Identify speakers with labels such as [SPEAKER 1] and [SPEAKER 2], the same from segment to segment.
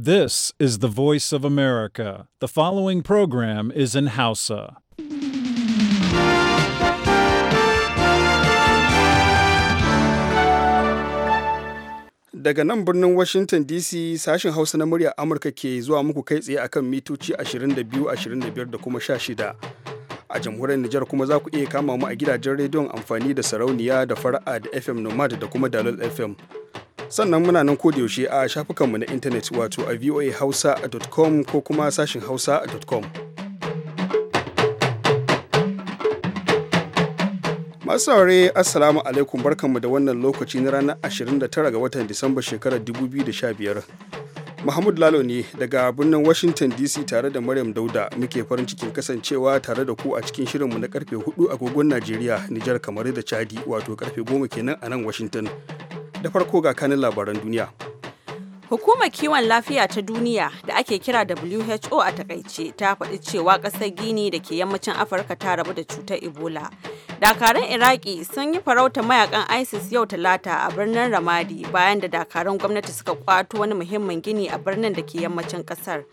[SPEAKER 1] This is the voice of America. The following program is in Hausa.
[SPEAKER 2] Daga nan birnin Washington DC sashen Hausa na murya Amurka ke zuwa muku kai tsaye akan mitoci 22, 25 da kuma 16. A jamhuriyar Nijar kuma za ku iya kama mu a gidajen rediyon amfani da sarauniya da fara'a da FM Nomad da kuma Dalol FM. sannan muna nan yaushe a shafukanmu na intanet wato a voahausa.com ko kuma sashin hausa.com masu saurare assalamu alaikum barkanmu da wannan lokaci na ranar 29 ga watan disamba shekarar 2015 Mahmud Lalo ne daga birnin Washington DC tare da Maryam Dauda muke farin cikin kasancewa tare da ku a cikin shirinmu na karfe 4 agogon Najeriya, Nijar kamar da Chadi wato karfe 10 kenan a nan Washington. da farko ga kanin labaran duniya
[SPEAKER 3] Hukumar kiwon lafiya ta duniya da ake kira WHO a takaice ta faɗi cewa ƙasar Gini da ke yammacin Afirka ta rabu da cutar Ebola. Dakarun Iraki sun yi farauta mayakan ISIS yau talata a birnin Ramadi bayan da dakarun gwamnati suka kwato wani muhimmin gini a birnin da ke yammacin ƙasar.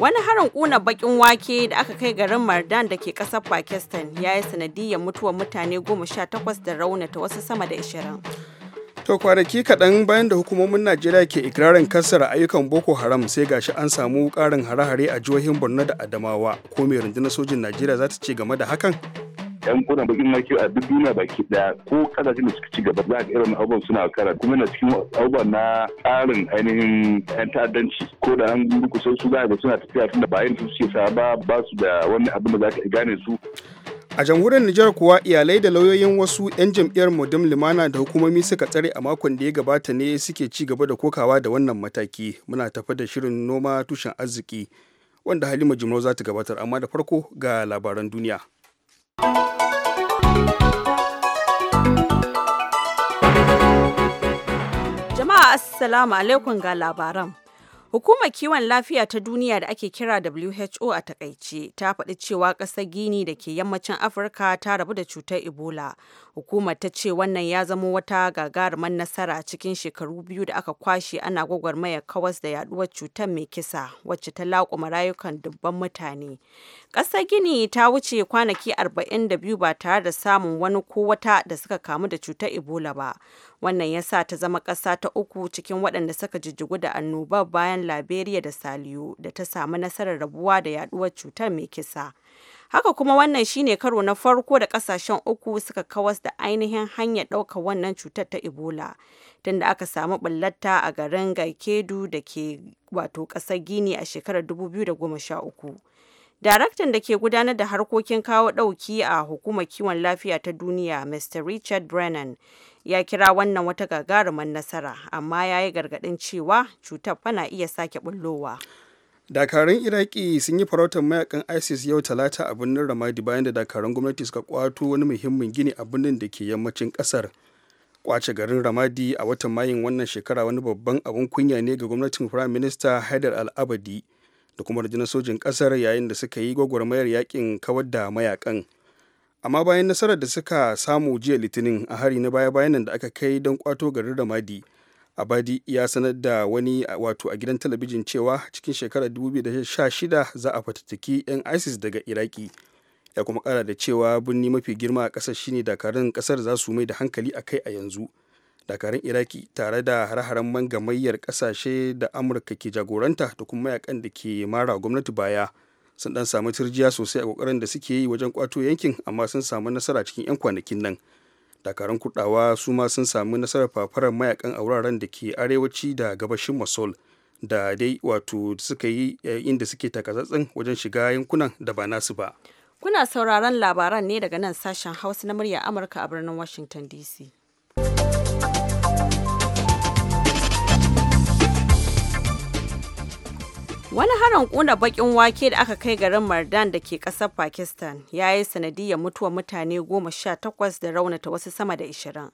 [SPEAKER 3] Wani harin ƙuna baƙin wake da aka kai garin Mardan da ke ƙasar Pakistan ya yi sanadiyar mutuwar mutane goma sha takwas da raunata wasu sama da ishirin
[SPEAKER 2] To kwanaki kaɗan bayan da hukumomin Najeriya ke ikirarin kassara ayyukan Boko Haram sai gashi an samu ƙarin hare-hare a jihohin Borno da Adamawa ko mai rundunar sojin Najeriya za ta ce game da hakan? yan kuna bakin maki a duk duniya baki ɗaya ko kasashen da suka ci gaba za ka irin abubuwan suna kara kuma na cikin abubuwan na tsarin ainihin yan ta'addanci
[SPEAKER 4] ko da an kusan su za ga suna tafiya tunda ba yin su suke sa ba ba su da wani abin da za
[SPEAKER 2] ka gane su A jamhuriyar Nijar kuwa iyalai da lauyoyin wasu 'yan jam'iyyar Modem Limana da hukumomi suka tsare a makon da ya gabata ne suke ci gaba da kokawa da wannan mataki. Muna tafa da shirin noma tushen arziki wanda Halima Jimro za ta gabatar amma da farko ga labaran duniya.
[SPEAKER 3] Jama'a Assalamu alaikum ga labaran. Hukumar kiwon lafiya ta duniya da ake kira WHO a takaice ta faɗi cewa ƙasar Gini da ke yammacin Afirka ta rabu da cutar Ebola. Hukumar ta ce wannan ya zama wata gagarumar nasara cikin shekaru biyu da aka kwashe ana gwagwarmaya kawas da yaduwar cutar mai kisa wacce ta laƙuma rayukan dubban mutane. Ƙasar Gini ta wuce kwanaki 42 ba tare da samun wani ko wata da suka kamu da cutar Ebola ba. Wannan ya sa ta zama ƙasa ta uku cikin waɗanda suka jijjigu da annobar bayan Liberia da Saliyo da ta samu nasarar rabuwa da yaduwar cutar mai kisa. Haka kuma wannan shine karo na farko da ƙasashen uku suka kawas da ainihin hanyar ɗaukar wannan cutar ta Ebola. Tunda aka samu ɓullata a garin Gaikedu da ke wato ƙasar Gini a shekarar 2013. Daraktan da ke gudanar da harkokin kawo ɗauki a Hukumar Kiwon Lafiya ta Duniya, Mr. Richard Brennan, ya kira wannan wata gagarumar nasara, amma ya yi gargaɗin cewa cutar fana iya sake bullowa.
[SPEAKER 2] dakarun iraki sun yi farautar mayakan isis yau talata a birnin ramadi bayan da dakarun gwamnati suka kwato wani muhimmin gini a birnin da ke yammacin kasar kwace garin ramadi a watan mayin wannan shekara wani babban abin kunya ne ga gwamnatin firayim minista haidar al-abadi da kuma rundunar sojin kasar yayin da suka yi gwagwarmayar yakin kawar da mayakan amma bayan nasarar da suka samu jiya litinin a hari na baya-bayan da aka kai don kwato garin ramadi abadi ya sanar da wani wato a gidan talabijin cewa cikin shekarar 2016 za a fatattaki 'yan isis daga iraki ya kuma kara da cewa birni mafi girma a kasar shine dakarun kasar za su mai da hankali a kai a yanzu dakarun iraki tare da hare-haren mangamayyar kasashe da amurka ke jagoranta da kuma mayakan da ke mara gwamnati baya sun dan samu turjiya sosai a kokarin da suke yi wajen kwato yankin amma sun samu nasara cikin 'yan kwanakin nan dakarun kudawa su ma sun samu nasarar fafarar mayakan a wuraren da ke arewaci da gabashin mosul da dai wato suka yi eh, inda suke takatsatsin wajen shiga yankunan da ba nasu ba
[SPEAKER 3] kuna sauraron labaran ne daga nan sashen hausa na murya amurka a birnin washington dc Wani harin kuna bakin wake da aka kai garin Mardan da ke kasar Pakistan ya yi sanadiyar mutuwar mutane goma sha takwas da raunata wasu sama da ishirin.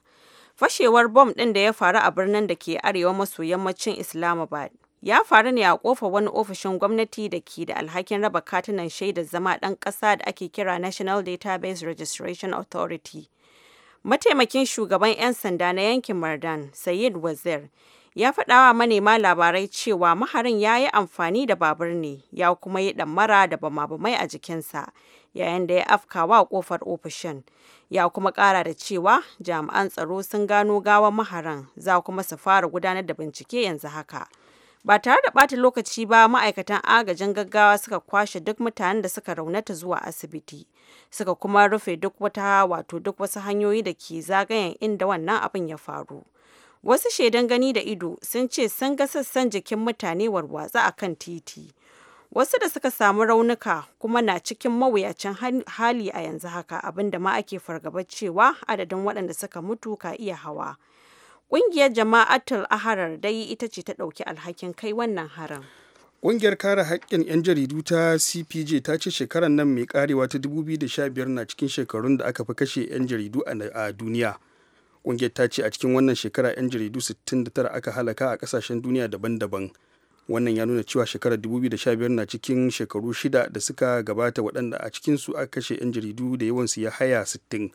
[SPEAKER 3] Fashewar bom ɗin da ya faru a birnin da ke arewa maso yammacin Islamabad ya faru ne a kofa wani ofishin gwamnati da ke da alhakin raba katunan shaidar zama ɗan ƙasa da ake kira National Database Registration Authority. Mataimakin shugaban 'yan sanda na yankin Mardan, Sayid Wazir, ya faɗawa manema labarai cewa maharin ya yi amfani da babur ne ya kuma yi ɗammara da bama-bamai a jikinsa yayin da ya afka wa kofar ofishin ya kuma ƙara da cewa jami'an tsaro sun gano gawa maharan za kuma su fara gudanar da bincike yanzu haka ba tare da ɓata lokaci ba ma'aikatan agajin gaggawa suka kwashe duk mutanen da suka raunata zuwa asibiti suka kuma rufe duk wata wato duk wasu hanyoyi da ke zagayen inda wannan abin ya faru Wasu shaidan gani da ido sun ce sun ga sassan jikin mutane warwatsa a kan titi. Wasu da suka samu raunuka kuma na cikin mawuyacin hali a yanzu haka abinda ma ake fargaba cewa adadin waɗanda suka mutu ka iya hawa. Ƙungiyar jama'atul aharar dai ita ce ta ɗauki alhakin kai wannan harin.
[SPEAKER 2] Ƙungiyar kare haƙƙin 'yan jaridu ta CPJ ta ce shekarar nan mai karewa ta 2015 na cikin shekarun da aka fi kashe 'yan jaridu a duniya. ƙungiyar ta ce a cikin wannan shekara 'yan jaridu 69 aka halaka a kasashen duniya daban-daban wannan ya nuna cewa shekarar 2015 na cikin shekaru shida da suka gabata waɗanda a cikin su aka kashe 'yan jaridu da yawansu ya haya 60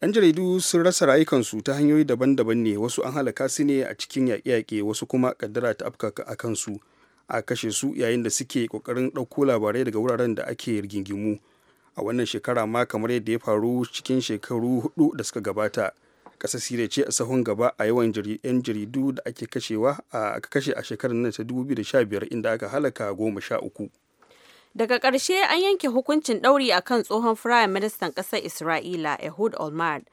[SPEAKER 2] 'yan jaridu sun rasa rayukansu ta hanyoyi daban-daban ne wasu an halaka su ne a cikin yaƙe-yaƙe wasu kuma kaddara ta afka a kansu a kashe su yayin da suke ƙoƙarin ɗauko labarai daga wuraren da ake rigingimu a wannan shekara ma kamar yadda ya faru cikin shekaru hudu da suka gabata kasa sire ce a sahun gaba a yawan 'yan jaridu da ake kashewa aka kashe a shekarar nan ta 2015 inda aka halaka goma sha uku
[SPEAKER 3] daga ƙarshe an yanke hukuncin ɗauri a kan tsohon firayim ministan ƙasar isra'ila ehud olmert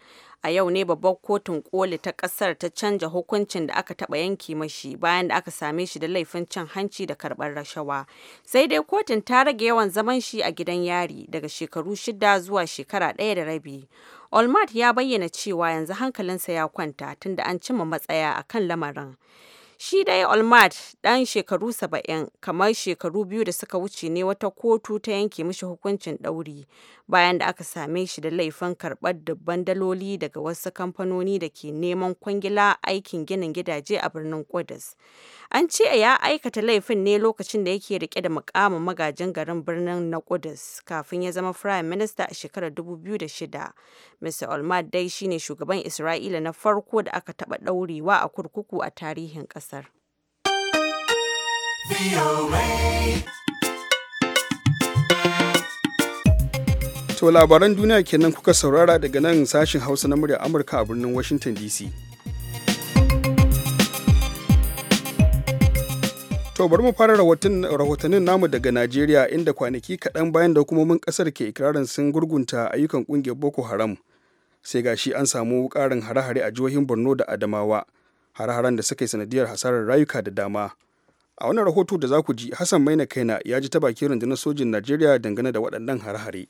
[SPEAKER 3] a yau ne babbar kotun koli ta ƙasar ta canja hukuncin da aka taɓa yanke mashi bayan da aka same shi da laifin cin hanci da karɓar rashawa sai dai kotun ta rage yawan zaman shi a gidan yari daga shekaru shida zuwa shekara ɗaya da rabi Olmert ya bayyana cewa yanzu hankalinsa ya kwanta tunda an cimma matsaya a kan lamarin. Shi dai Olmert ɗan shekaru saba'in kamar shekaru biyu da suka wuce ne wata kotu ta yanke mishi hukuncin ɗauri bayan da aka same shi da laifin karbar dubban daloli daga wasu kamfanoni da ke neman kwangila aikin ginin gidaje a birnin Kudus. An ce ya aikata laifin ne lokacin da yake rike da mukamin magajin garin birnin na Kudus kafin ya zama Prime Minister a shekarar 2006. Mr. Olmert dai shine shugaban Isra'ila na farko da aka taba daurewa a kurkuku a tarihin ƙasar.
[SPEAKER 2] To labaran duniya kenan kuka saurara daga nan sashin Hausa na murya Amurka a birnin Washington DC. To bari mu fara rahotannin namu daga Najeriya inda kwanaki kaɗan bayan da hukumomin ƙasar ke ikirarin sun gurgunta ayyukan ƙungiyar Boko Haram. Sai gashi an samu ƙarin hare-hare a jihohin Borno da Adamawa, hare-haren da suka yi sanadiyar hasarar rayuka da dama. A wannan rahoto da za ku ji Hassan Maina Kaina ya ji ta bakin rundunar sojin Najeriya dangane da waɗannan hare-hare.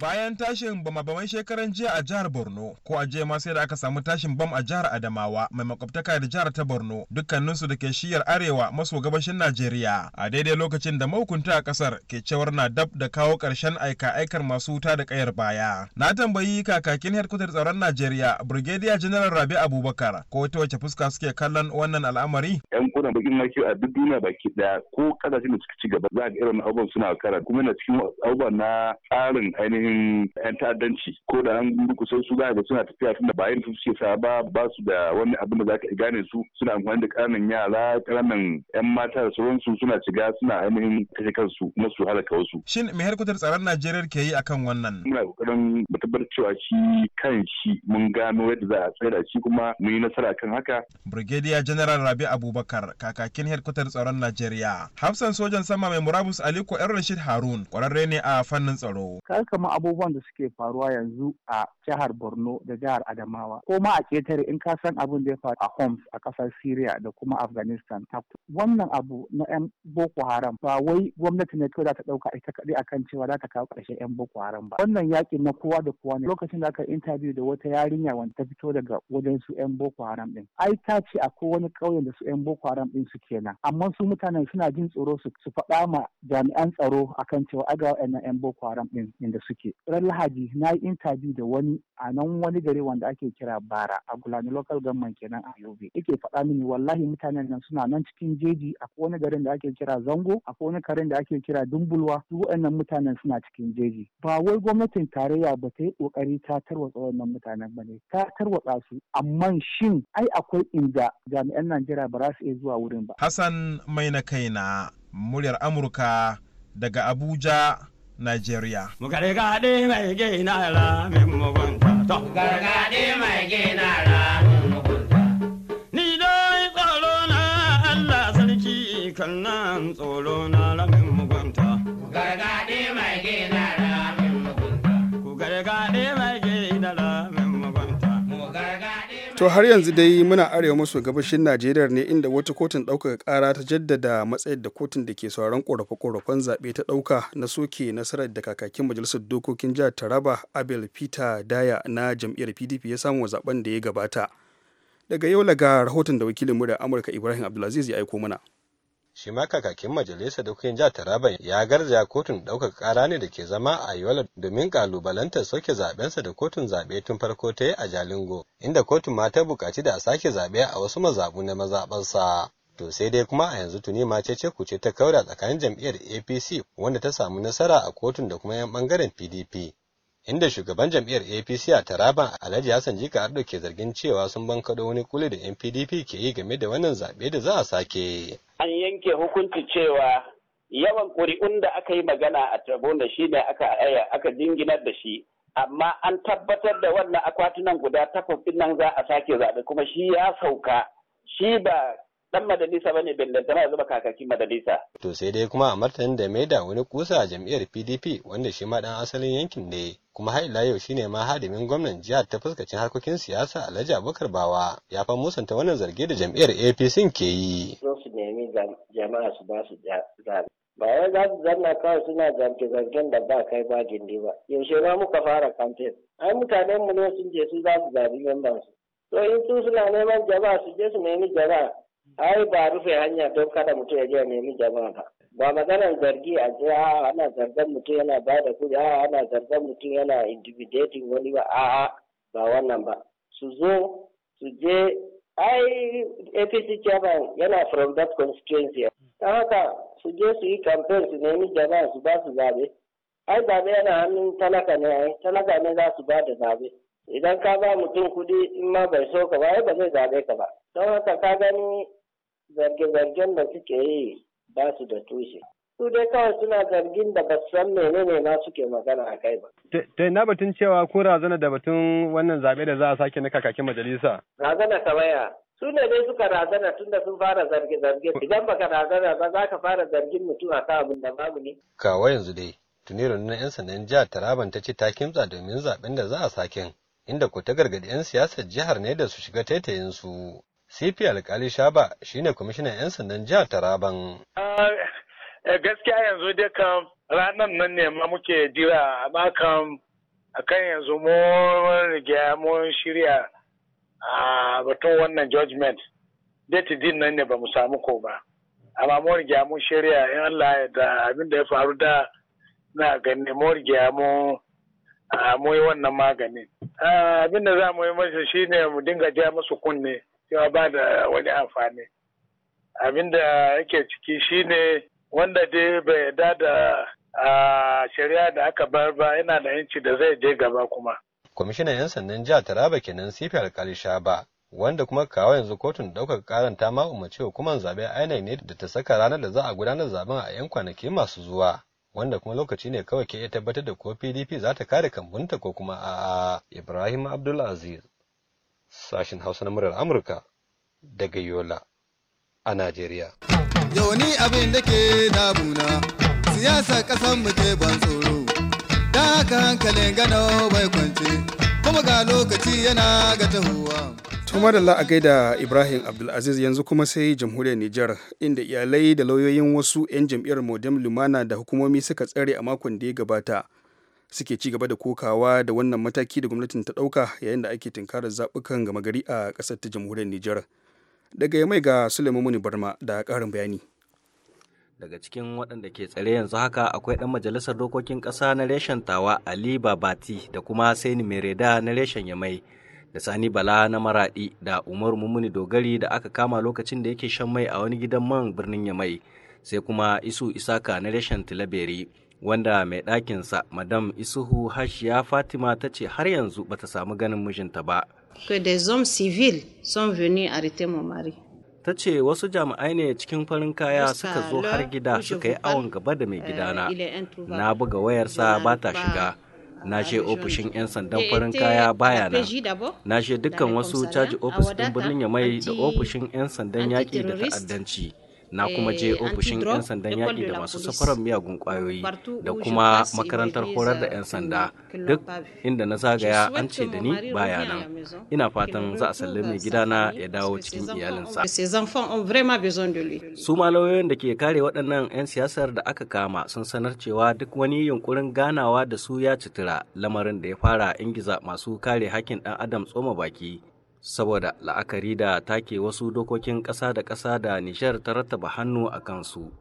[SPEAKER 1] bayan tashin bama-baman shekaran jiya a jihar borno ko a jiya ma sai da aka samu tashin bam a jihar adamawa mai makwabtaka da jihar ta borno dukkaninsu da ke shiyar arewa maso gabashin najeriya a daidai lokacin da mahukunta a kasar ke cewar na dab da kawo karshen aika-aikar masu wuta da kayar baya na tambayi kakakin headquarter tsaron najeriya brigadier general rabi abubakar ko ta wace fuska suke kallon wannan al'amari
[SPEAKER 4] yan wannan bakin maki a duk duniya baki daya ko kasashen da suka ci gaba za ka irin abubuwan suna kara kuma na cikin abubuwan na tsarin ainihin yan ta'addanci ko da an durkusa su za ga suna tafiya tunda ba yin suke sa ba ba su da wani abin da za ka gane su suna amfani da ƙananan yara ƙananan yan mata da sauransu suna shiga suna ainihin kashe kansu kuma su halaka wasu. Shin
[SPEAKER 1] me harkutar tsaron Najeriya ke yi akan wannan? Muna kokarin mu tabbatar cewa shi
[SPEAKER 4] kan shi mun gano yadda za a tsaya da shi kuma mun yi nasara kan haka.
[SPEAKER 1] Brigadier General Rabi Abubakar kakakin headquarter tsaron Najeriya. Hafsan sojan sama mai murabus Aliko ‘yan Rashid Harun kwararre ne a fannin tsaro. Kar kama
[SPEAKER 5] abubuwan da suke faruwa yanzu a jihar Borno da jihar Adamawa ko ma a ketare in ka san abin da ya faru a Homs a kasar Syria da kuma Afghanistan. Wannan abu na 'yan Boko Haram ba wai gwamnati ne kawai za ta ɗauka ita kaɗai akan cewa za ta kawo ƙarshen 'yan Boko Haram ba. Wannan yaƙin na kowa da kowa ne lokacin da aka interview da wata yarinya wanda ta fito daga wajen su 'yan Boko Haram ɗin. Ai ta ce akwai wani ƙauyen da su 'yan Boko Haram haram din su kenan amma su mutanen suna jin tsoro su faɗa ma jami'an tsaro akan cewa aga wa'annan yan boko haram din inda suke ran lahadi na yi intabi da wani a nan wani gari wanda ake kira bara a gulani local government kenan a yobe yake faɗa mini wallahi mutanen nan suna nan cikin jeji ko wani garin da ake kira zango ko wani karin da ake kira dumbulwa su wa'annan mutanen suna cikin jeji ba wai gwamnatin tarayya ba ta yi kokari ta tarwatsa wannan mutanen ba ne ta tarwatsa su amma shin ai akwai inda jami'an najeriya ba za su iya zuwa zuwa wurin ba.
[SPEAKER 1] Hassan mai na kaina muryar Amurka daga Abuja, Nigeria. Gargaɗe
[SPEAKER 6] mai gina ra mai mugunta. Gargaɗe mai gina ra
[SPEAKER 2] To har yanzu dai muna arewa maso gabashin Najeriya ne inda wata kotun ɗaukaka ƙara ta jaddada matsayar da kotun da ke sauran ƙorafe-ƙorafen zaɓe ta ɗauka na soke nasarar da kakakin majalisar dokokin jihar Taraba Abel Peter Daya na jam'iyyar PDP ya samu zaben da ya gabata. Daga yau laga rahoton da wakilin muryar Amurka Ibrahim Abdulaziz ya aiko mana. shi ma
[SPEAKER 7] kakakin majalisar dokokin jihar Taraba ya garzaya kotun ɗaukaka ƙara ne da ke zama a Yola domin kalubalantar soke zaɓensa da kotun zaɓe tun farko ta yi a Jalingo inda kotun ma ta buƙaci da a sake zaɓe a wasu mazaɓu na mazaɓarsa. To sai dai kuma a yanzu tuni ma ce ce ta kaura tsakanin jam'iyyar APC wanda ta samu nasara a kotun da kuma 'yan ɓangaren PDP inda shugaban jam'iyyar APC a Taraban Alhaji Hassan Jika Ardo ke zargin cewa sun bankaɗo wani kuli da NPDP ke yi game da wannan zaɓe da za a sake.
[SPEAKER 8] An yanke hukunci cewa yawan ƙuri'un da aka yi magana a Tarabona shi ne aka aya eh, aka jinginar da shi amma an tabbatar da wannan akwatunan guda takwas nan za a sake zaɓe kuma shi ya sauka shi ba dan majalisa bane ba zuba kakakin majalisa.
[SPEAKER 7] To sai dai kuma a martanin da maida da wani kusa a jam'iyyar PDP wanda shi ma dan asalin yankin ne kuma har ila yau shine ma hadimin gwamnan jihar ta fuskacin harkokin siyasa Alhaji Abubakar Bawa ya fa musanta wannan zarge da jam'iyyar APC ke yi.
[SPEAKER 8] Zo su nemi jama'a su ba su zabe. ba wai za su zanna kawai suna zarge-zargen da ba kai ba gindi ba yaushe ma muka fara campaign ai mutanen mu ne sun je su za su zabi membansu to in su suna neman jama'a su je su nemi jama'a ai ba rufe hanya don kada mutum ya je ya nemi jama'a ba ba maganar zargi a ce a ana zargan mutum yana ba da kuɗi a ana zargan mutum yana intimidating wani ba a'a ba wannan ba su zo su je ai apc chairman yana from that constituency ta haka su je su yi campaign su nemi jama'a su ba su zabe ai zabe yana hannun talaka ne ai talaka ne za su ba da zabe idan ka ba mutum kuɗi in ma bai so ka ba ai ba zai zabe ka ba don haka ka gani zarge-zargen da suke yi ba su da tushe. Su dai kawai suna zargin da ba san menene ma suke magana a kai ba.
[SPEAKER 7] Ta batun cewa ko razana da batun wannan zaɓe da za a sake na kakakin majalisa?
[SPEAKER 8] Razana kamaya. Su ne dai suka razana tunda sun fara zarge-zarge. Idan baka razana ba za ka fara zargin mutum a kan abin da babu ne.
[SPEAKER 7] Kawa yanzu dai. Tuni rundunar 'yan sandan jihar Taraban ta ce ta kimtsa domin zaɓen da za a sake, Inda ku ta gargaɗi 'yan siyasar jihar ne da su shiga taitayin su CP Alkali Shaba shine kwamishinan 'yan sandan jihar Taraban.
[SPEAKER 8] Ah, eh, gaskiya yanzu dai kan ranar nan ne ma muke jira amma kan akan yanzu mun riga mun shirya a ah, batun wannan judgment date din nan ne ba mu samu ko ba amma mun riga mun shirya in Allah ya da abin da ya faru da na gani mun riga mun ah, mu yi wannan maganin abin da za mu yi masa shine mu dinga ja masu kunne cewa ba da wani amfani abin da yake ciki shine wanda dai bai yarda da shari'a da aka bar ba yana da yanci da zai je gaba kuma
[SPEAKER 7] kwamishinan 'yan sandan jihar taraba kenan sifi alkali ba, wanda kuma kawo yanzu kotun ɗaukaka karan ta ma umarci hukumar zaɓe inec ne da ta saka ranar da za a gudanar zaben a 'yan kwanaki masu zuwa wanda kuma lokaci ne kawai ke iya tabbatar da ko pdp za ta kare kambunta ko kuma a'a ibrahim abdulaziz sashen Hausa na murar Amurka daga Yola a Najeriya.
[SPEAKER 2] Yawani abin da
[SPEAKER 9] ke damuna, siyasa kasan mu ke ban tsoro, da haka hankalin gano bai kwance, kuma ga lokaci yana ga tahowa.
[SPEAKER 2] Tuma da la'a gaida Ibrahim Abdulaziz yanzu kuma sai jamhuriyar Nijar inda iyalai da lauyoyin wasu 'yan jam'iyyar Modem Lumana da hukumomi suka tsare a makon da ya gabata. suke ci gaba da kokawa da wannan mataki da gwamnatin ta ɗauka yayin da ake tunkarar zaɓukan gama gari a ƙasar ta jamhuriyar Nijar. Daga mai ga Suleiman Muni Barma da ƙarin bayani.
[SPEAKER 9] daga cikin waɗanda ke tsare yanzu
[SPEAKER 2] haka akwai ɗan majalisar dokokin
[SPEAKER 9] ƙasa na reshen tawa ali babati da kuma saini mereda na reshen yamai da sani bala na maraɗi da umar Mumuni dogari da aka kama lokacin da yake shan mai a wani gidan man birnin yamai sai kuma isu isaka na reshen tilaberi wanda mai ɗakinsa madam isuhu hashiya fatima ta ce har yanzu bata samu ganin mijinta ba ta ce wasu jami'ai ne cikin farin kaya suka zo har gida suka yi awon gaba da mai gidana euh, na buga wayarsa ba ta shiga na je ofishin 'yan sandan farin kaya baya na na je dukkan wasu caji ofis din birnin ya mai da ofishin 'yan sandan yaƙi da ta'addanci na kuma je eh, ofishin 'yan sandan yaƙi da masu safarar miyagun ƙwayoyi da kuma makarantar horar da 'yan sanda duk inda na zagaya an ce da ni baya nan
[SPEAKER 10] ina fatan za a sallame
[SPEAKER 9] gidana ya dawo cikin iyalinsa su ma da ke kare waɗannan 'yan siyasar da aka kama sun sanar cewa duk wani yunkurin ganawa da su ya citira lamarin da ya fara ingiza masu kare hakkin ɗan adam tsoma baki saboda la'akari da take wasu dokokin ƙasa da ƙasa da nishar ta rattaba hannu a kansu.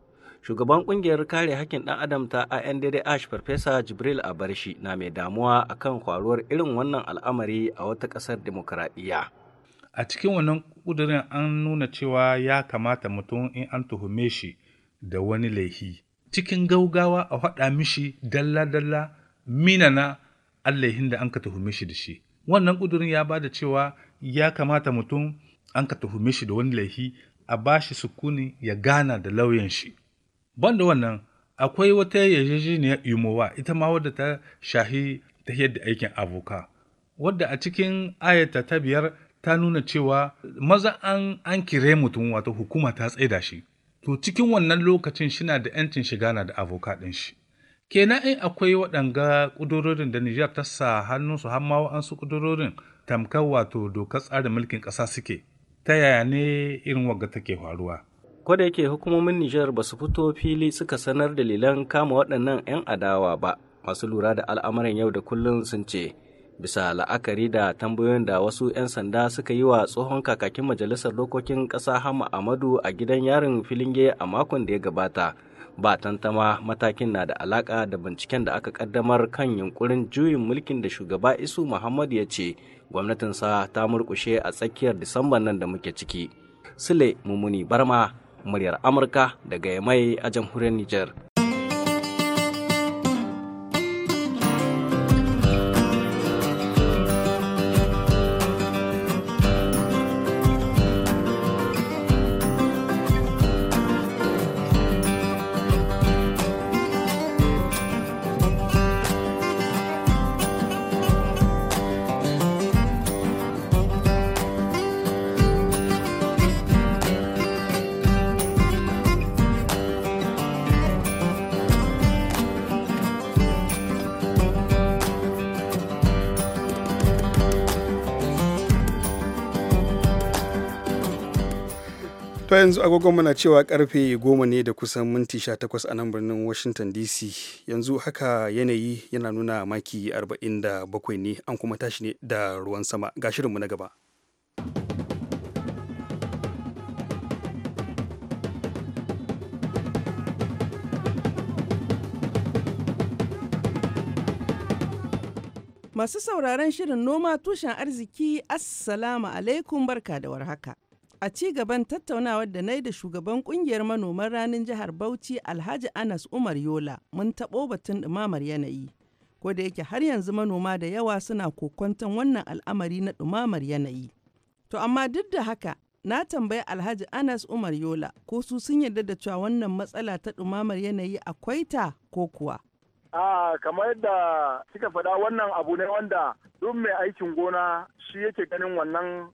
[SPEAKER 9] Shugaban ƙungiyar kare hakkin ɗan adam ta INDDH Farfesa Jibril Abarshi na mai damuwa a kan kwaruwar irin wannan al'amari a wata ƙasar demokuraɗiyya. A cikin wannan ƙudurin an nuna cewa ya kamata mutum in an tuhume shi da wani laihi. Cikin gaugawa a faɗa mishi dalla-dalla minana allahin da an ka tuhume shi da shi. wannan ƙudurin ya ba da cewa ya kamata mutum an ka tuhume shi da wani laifi a ba shi sukuni ya gana da lauyan shi Ban da wannan akwai wata yarjejeniyar imowa ita ma wadda ta shahi ta yadda aikin aboka wadda a cikin ayata ta biyar ta nuna cewa maza an an kire mutum wata hukuma ta tsaida shi to cikin wannan lokacin shina da 'yancin shi gana da aboka ɗin shi kenan in akwai waɗanga ƙudurorin da Nijar ta sa hannunsu har ma wa'ansu ƙudurorin tamkar wato dokar tsarin mulkin ƙasa suke ta yaya ne irin wagga take faruwa da yake hukumomin Nijar ba su fito fili suka sanar da dalilan kama waɗannan 'yan adawa ba masu lura da al'amuran yau da kullun sun ce bisa la'akari da tambayoyin da wasu 'yan sanda suka yi wa tsohon kakakin majalisar dokokin ƙasa hama amadu a gidan yarin filinge a makon da ya gabata ba tantama matakin na da alaka da binciken da aka kaddamar kan yunkurin juyin mulkin da shugaba isu muhammad ya ce gwamnatinsa ta murkushe a tsakiyar disamban nan da muke ciki sule mummuni barma muryar amurka daga yamai a jamhuriyar niger
[SPEAKER 2] to yanzu agogon na cewa karfe goma ne da kusan minti 18 a nan birnin washington dc yanzu haka yanayi yana nuna maki 47 ne an kuma tashi ne da ruwan sama ga shirinmu na gaba
[SPEAKER 10] Masu sauraron shirin noma tushen arziki Assalamu alaikum barka da warhaka. A ci gaban tattaunawar da na yi da shugaban kungiyar manoman ranar jihar Bauchi Alhaji Anas Umar Yola mun taɓo batun ɗumamar yanayi. Ko da yake har yanzu manoma da yawa suna kokwantan wannan al'amari na dumamar yanayi. To amma duk da haka na tambayi Alhaji Anas Umar Yola ko su sun yarda da cewa wannan matsala ta ɗumamar yanayi akwai ta ko kuwa.
[SPEAKER 4] A kamar yadda kika faɗa wannan abu ne wanda duk mai aikin gona shi yake ganin wannan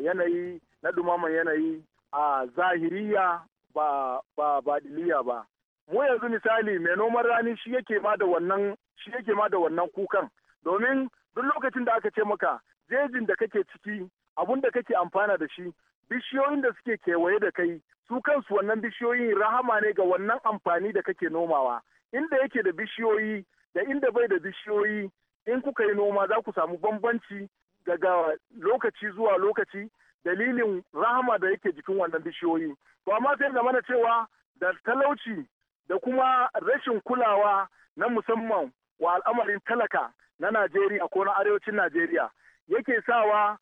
[SPEAKER 4] yanayi na dumaman yanayi a zahiriya ba ba diliya ba mu yanzu misali mai noman rani shi yake ma da wannan shi yake ma da wannan kukan domin duk lokacin da aka ce maka jejin da kake ciki abun da kake amfana da shi bishiyoyin da suke kewaye da kai su kansu wannan bishiyoyin rahama ne ga wannan amfani da kake nomawa inda yake da bishiyoyi da inda bai da bishiyoyi in kuka yi noma za ku samu bambanci daga lokaci zuwa lokaci dalilin rahama da yake jikin wannan bishiyoyi to amma sai da mana cewa da talauci da kuma rashin kulawa na musamman wa al'amarin talaka na Najeriya ko na arewacin Najeriya yake sawa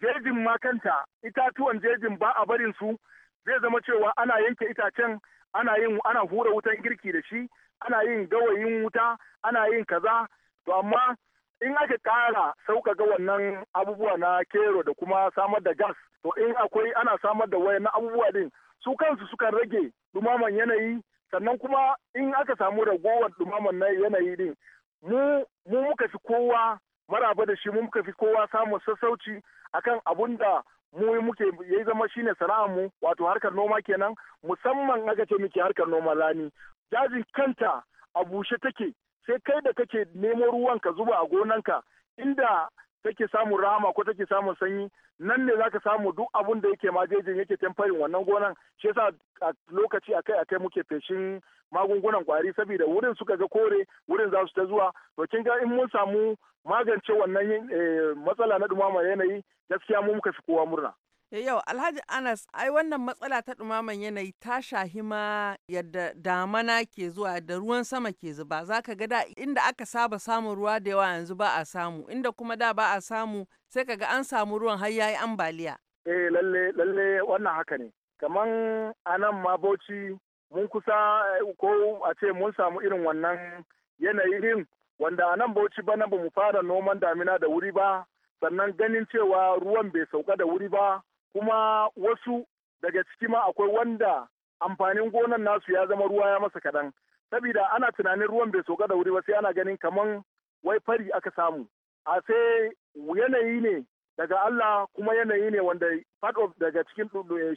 [SPEAKER 4] jejin makanta itatuwan jejin ba a barin su zai zama cewa ana yanke itacen ana yin ana hura wutan girki da shi ana yin gawayin wuta ana yin kaza to amma in aka ƙara sauƙaƙa wannan abubuwa na kero da kuma samar da gas to in akwai ana samar da wayan abubuwa din su kansu suka rage dumaman yanayi sannan kuma in aka samu ragowar dumaman na yanayi din mu mu muka fi kowa maraba da shi mu muka fi kowa samun sassauci akan abun da mu muke ya zama shine mu wato harkar noma kenan musamman aka ce muke harkar noma rani jajin kanta a bushe take sai kai da kake nemo ruwan ka zuba a gonanka inda take samun rama ko take samun sanyi nan ne zaka samu duk abun da yake majejin yake tamfarin wannan gonan shi yasa a lokaci akai akai muke feshin magungunan kwari saboda wurin suka ga kore wurin za su ta zuwa to kin ga in mun samu magance wannan eh, matsala na dumama yanayi gaskiya mu muka fi kowa murna
[SPEAKER 10] Yau Alhaji Anas ai wannan matsala ta ɗumaman yanayi ta shahi ma yadda damana ke zuwa da ruwan sama ke zuba za ka ga da inda aka saba samun ruwa da yawa yanzu ba a samu inda kuma da ba a samu sai ka ga an samu ruwan har yayi ambaliya.
[SPEAKER 4] Eh lalle lalle wannan haka ne kaman anan ma boci mun kusa eh, ko a ce mun samu irin wannan yanayin wanda anan boci bana ba mu fara noman damina da wuri ba sannan ganin cewa ruwan bai sauka da wuri ba kuma wasu daga ciki ma akwai wanda amfanin gonan nasu ya zama ruwa ya masa kaɗan saboda ana tunanin ruwan bai soka da wuri ba sai ana ganin kaman wai fari aka samu a sai yanayi ne daga Allah kuma yanayi ne wanda part of daga cikin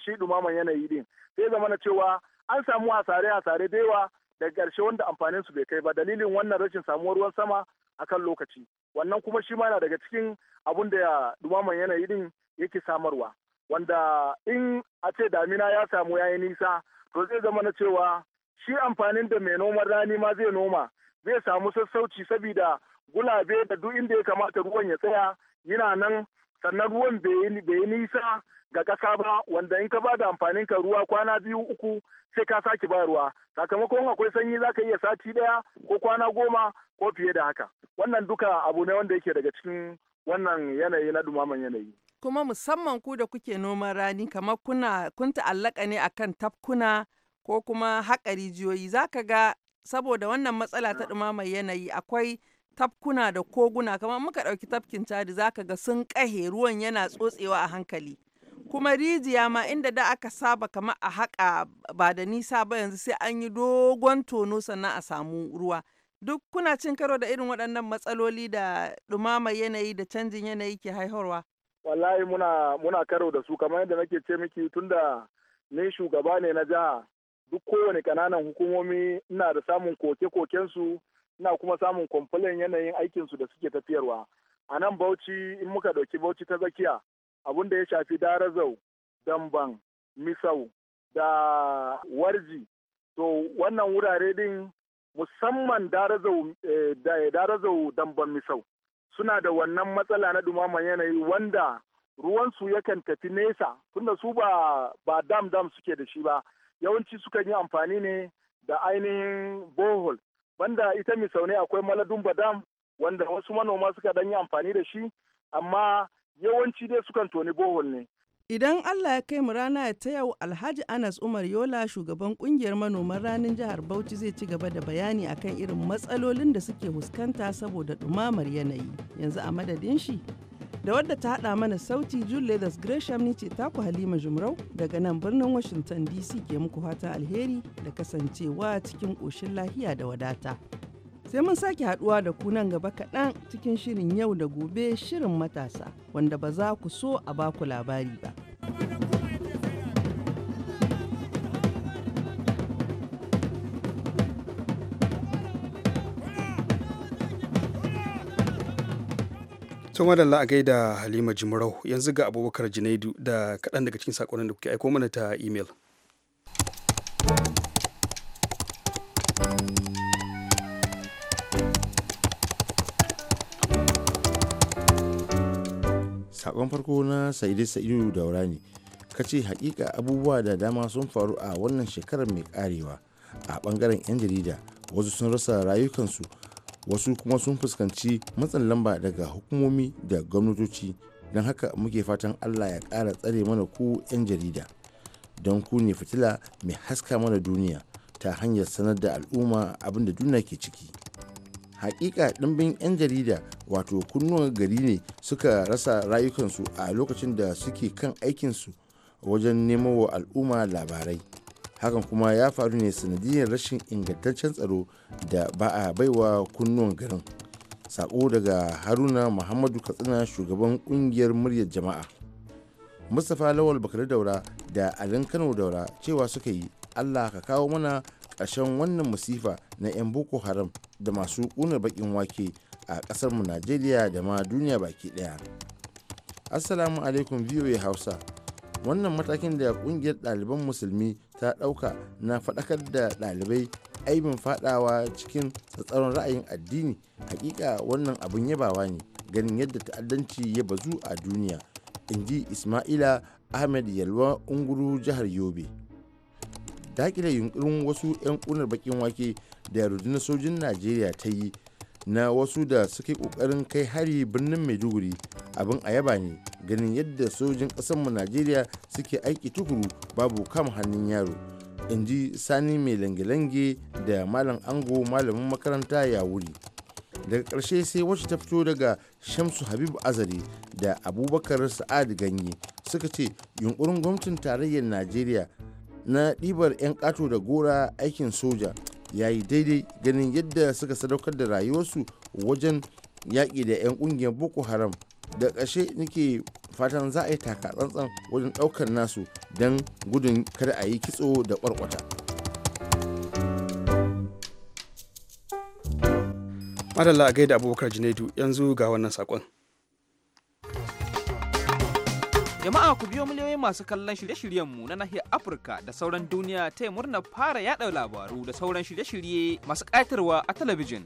[SPEAKER 4] shi dumaman yanayi din sai zama na cewa an samu hasare hasare da yawa daga ƙarshe wanda amfanin su bai kai ba dalilin wannan rashin samuwar ruwan sama akan lokaci wannan kuma shi ma yana daga cikin abun da dumaman yanayi din yake samarwa wanda in a ce damina ya samu yayin nisa to zai zama na cewa shi amfanin da mai noman rani ma zai noma zai samu sassauci saboda gulabe da duk inda ya kamata ruwan ya tsaya yana nan sannan ruwan bai yi nisa ga ƙasa ba wanda in ka ba da amfanin ka ruwa kwana biyu uku sai ka sake ba ruwa sakamakon akwai sanyi za ka iya sati ɗaya ko kwana goma ko fiye da haka wannan duka abu ne wanda yake daga cikin wannan yanayi na dumaman yanayi
[SPEAKER 10] kuma musamman ku da kuke noman rani kamar kuna kun ta'allaka ne akan tafkuna ko kuma haƙa rijiyoyi za ka ga saboda wannan matsala ta ɗumamar yanayi akwai tafkuna da koguna kamar muka ɗauki tafkin cadi za ka ga sun ƙahe ruwan yana tsotsewa a hankali kuma rijiya ma inda da aka saba kamar a haƙa ba da nisa ba yanzu sai an yi dogon tono sannan a samu ruwa duk kuna cin karo da irin waɗannan matsaloli da ɗumama yanayi da canjin yanayi ke haihuwa
[SPEAKER 4] wallahi muna muna karo da su kamar yadda nake ce miki tunda ni shugaba ne na jiha duk kowane kananan hukumomi ina da samun koke-koken su ina kuma samun kwamfalin yanayin aikin su da suke tafiyarwa a nan bauchi in muka ɗauki bauchi ta zakiya abun da ya shafi darazau damban misau da warji to wannan wurare din musamman darazau eh, damban misau suna da wannan matsala na dumaman yanayi wanda ruwansu yakan tafi nesa tunda su ba ba dam dam suke da shi ba yawanci sukan yi amfani ne da ainihin bohol banda ita saune akwai maladumba dam wanda wasu manoma suka dan yi amfani da shi amma yawanci dai sukan toni bohol ne
[SPEAKER 10] Idan Allah ya kai mu rana ta yau Alhaji Anas Umar Yola shugaban kungiyar manoman ranar jihar Bauchi zai ci gaba da bayani akan irin matsalolin da suke fuskanta saboda dumamar yanayi. Yanzu a madadin shi da wadda ta haɗa mana sauti Julius Gresham ni ce taku Halima Jumrau daga nan birnin Washington DC ke muku fatan alheri da kasancewa cikin ƙoshin lahiya da wadata. Sai mun sake haduwa da ku nan gaba kaɗan cikin shirin yau da gobe shirin matasa wanda ba za ku so a baku labari ba.
[SPEAKER 2] tun wadanda a gaida halima jimarau yanzu ga abubakar jinaidu da kaɗan daga cikin saƙonin da kuke aiko mana ta imel.
[SPEAKER 6] sakon farko na sa'ide sa'idu daura ne ka ce hakika abubuwa da dama sun faru a wannan shekarar mai karewa a bangaren 'yan jarida wasu sun rasa rayukansu wasu kuma sun fuskanci matsin lamba daga hukumomi da gwamnatoci don haka muke fatan allah ya kara tsare mana ku 'yan jarida don ku ne fitila mai haska mana duniya ta hanyar sanar da al'umma abin da duniya ke ciki hakika ɗimbin 'yan jarida wato kunnuwan gari ne suka rasa rayukansu a lokacin da suke kan aikinsu wajen nemo wa al'umma labarai hakan kuma ya faru ne sanadiyar rashin ingantaccen tsaro da ba a baiwa kunnuwan garin sako daga haruna muhammadu katsina shugaban kungiyar muryar jama'a mustapha lawal bakar daura da alin kano daura cewa suka yi allah ka kawo mana ƙarshen wannan masifa na 'yan boko haram da masu ƙuna bakin wake a ƙasar mu najeriya da ma duniya baki ɗaya assalamu alaikum voa hausa wannan matakin da ƙungiyar ɗaliban musulmi ta ɗauka na faɗakar da ɗalibai aibin faɗawa cikin tsatsaron ra'ayin addini hakika wannan abin yabawa ne ganin yadda ta'addanci ya bazu a duniya in ji ismaila ahmed yalwa unguru jihar yobe dakile yunkurin wasu 'yan kunar bakin wake da rundunar sojin najeriya ta yi na wasu da suke kokarin kai hari birnin maiduguri abin a yaba ne ganin yadda sojin mu najeriya suke aiki tukuru babu kam hannun yaro in ji sani mai lange da malam ango malamin makaranta ya wuri daga ƙarshe sai wacce ta fito daga shamsu habibu azari da abubakar sa'ad ganye suka ce yunkurin gwamnatin tarayyar najeriya na ɗibar 'yan ƙato da gora aikin soja ya yi daidai ganin yadda suka sadaukar da rayuwarsu wajen yaƙi da 'yan ƙungiyar boko haram da ƙashe nake fatan za a yi taka tsantsan wajen ɗaukar nasu don gudun kada a yi kitso da ƙwarƙwata. madalla a gaida abubakar junaidu
[SPEAKER 2] yanzu ga wannan saƙon. Jama'a ku biyo miliyoyin masu kallon shirye-shiryenmu na nahiyar Afirka da sauran duniya ta murna fara yada labaru da sauran shirye-shirye masu ƙayatarwa a talabijin.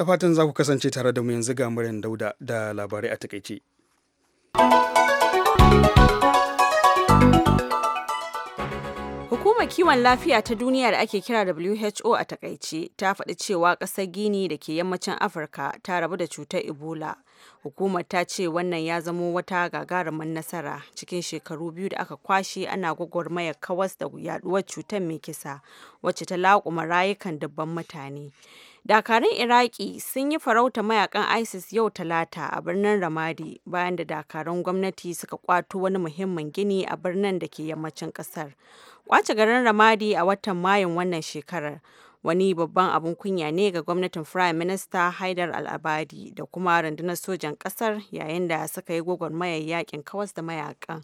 [SPEAKER 2] da fatan za ku kasance tare da mu yanzu ga muryar dauda da labarai a takaice
[SPEAKER 3] Hukumar kiwon lafiya ta duniya da ake kira WHO a takaice ta faɗi cewa ƙasar Gini da ke yammacin Afirka ta rabu da cutar Ebola. Hukumar ta ce wannan ya zamo wata gagarumin nasara cikin shekaru biyu da aka kwashe ana gwagwarmayar kawas da yaduwar cutar mai kisa wacce ta laƙuma rayukan dubban mutane. Dakarun Iraki sun yi farauta mayakan ISIS yau Talata a birnin Ramadi bayan da dakarun gwamnati suka kwato wani muhimmin gini a birnin da ke yammacin kasar. Kwace garin Ramadi a watan Mayun wannan shekarar wani babban abin kunya ne ga gwamnatin Prime Minister Haidar Al-Abadi da kuma rundunar sojan kasar yayin da suka yi gwagwarmayar yakin kawas da mayakan.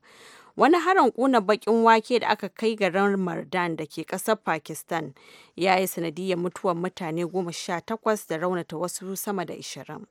[SPEAKER 3] Wani harin kuna bakin wake da aka kai garin Mardan da ke kasar Pakistan ya yi sanadiyar mutuwar mutane goma sha takwas da raunata wasu sama da ishirin.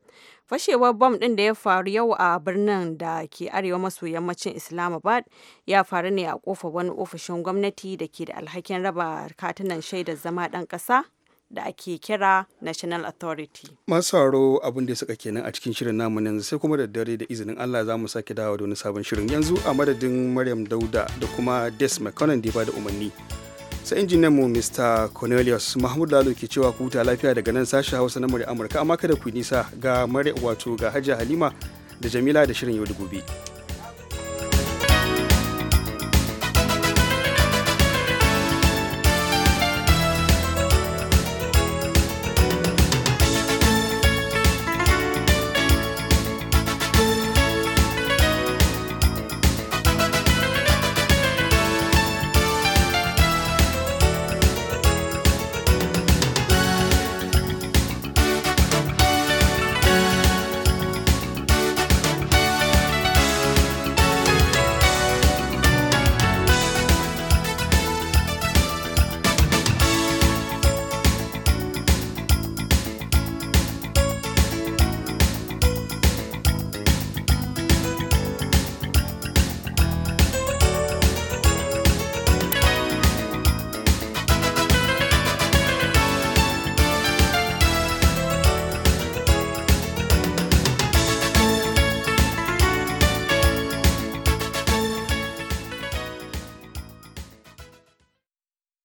[SPEAKER 3] Fashewar bom ɗin da ya faru yau a birnin da ke arewa maso yammacin Islamabad ya faru ne a kofar wani ofishin gwamnati da ke da alhakin raba katunan shaidar zama ɗan ƙasa da ake kira national authority
[SPEAKER 2] masaro abin da suka kenan a cikin shirin namu yanzu sai kuma da dare da izinin allah za mu sake dawo da wani sabon shirin yanzu a madadin maryam dauda da kuma des mcconnell da ba da umarni sai injiniyan mu mr cornelius mahmud lalo ke cewa ku huta lafiya daga nan sashi hausa na murya amurka amma kada ku nisa ga mare wato ga hajja halima da jamila da shirin yau da gobe